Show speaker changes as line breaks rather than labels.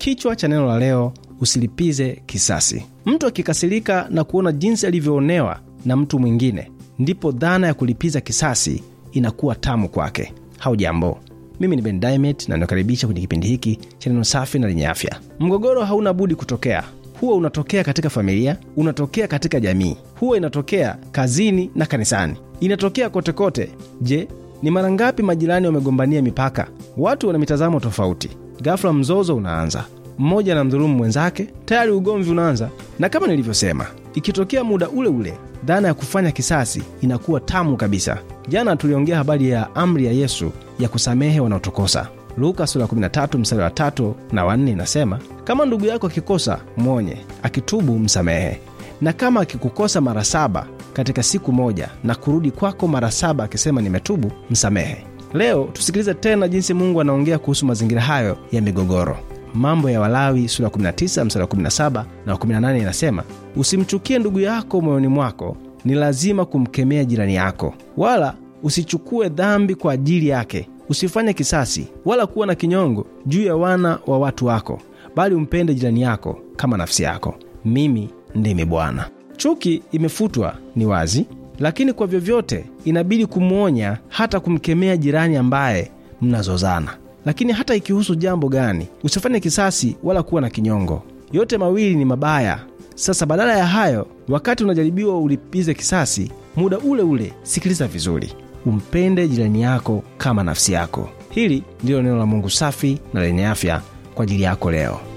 Kichwa cha neno la leo, usilipize kisasi. Mtu akikasirika na kuona jinsi alivyoonewa na mtu mwingine, ndipo dhana ya kulipiza kisasi inakuwa tamu kwake. Haujambo, mimi ni Ben Diamond na nakaribisha kwenye kipindi hiki cha neno safi na lenye afya. Mgogoro hauna budi kutokea. Huwa unatokea katika familia, unatokea katika jamii, huwa inatokea kazini na kanisani, inatokea kotekote. Je, ni mara ngapi majirani wamegombania mipaka? Watu wana mitazamo tofauti, ghafla mzozo unaanza, mmoja na mdhulumu mwenzake, tayari ugomvi unaanza. Na kama nilivyosema, ikitokea muda ule ule dhana ya kufanya kisasi inakuwa tamu kabisa. Jana tuliongea habari ya amri ya Yesu ya kusamehe wanaotokosa Luka sura 13 msali wa tatu na wanne inasema, kama ndugu yako akikosa mwonye, akitubu msamehe, na kama akikukosa mara saba katika siku moja na kurudi kwako mara saba akisema nimetubu, msamehe. Leo tusikilize tena jinsi Mungu anaongea kuhusu mazingira hayo ya migogoro. Mambo ya Walawi sura 19 mstari 17 na 18 inasema, usimchukie ndugu yako moyoni mwako, ni lazima kumkemea jirani yako, wala usichukue dhambi kwa ajili yake, usifanye kisasi wala kuwa na kinyongo juu ya wana wa watu wako, bali umpende jirani yako kama nafsi yako. Mimi ndimi Bwana. Chuki imefutwa, ni wazi lakini kwa vyovyote inabidi kumwonya hata kumkemea jirani ambaye mnazozana. Lakini hata ikihusu jambo gani, usifanye kisasi wala kuwa na kinyongo. Yote mawili ni mabaya. Sasa badala ya hayo, wakati unajaribiwa ulipize kisasi, muda ule ule sikiliza vizuri, umpende jirani yako kama nafsi yako. Hili ndilo neno la Mungu safi na lenye afya kwa ajili yako leo.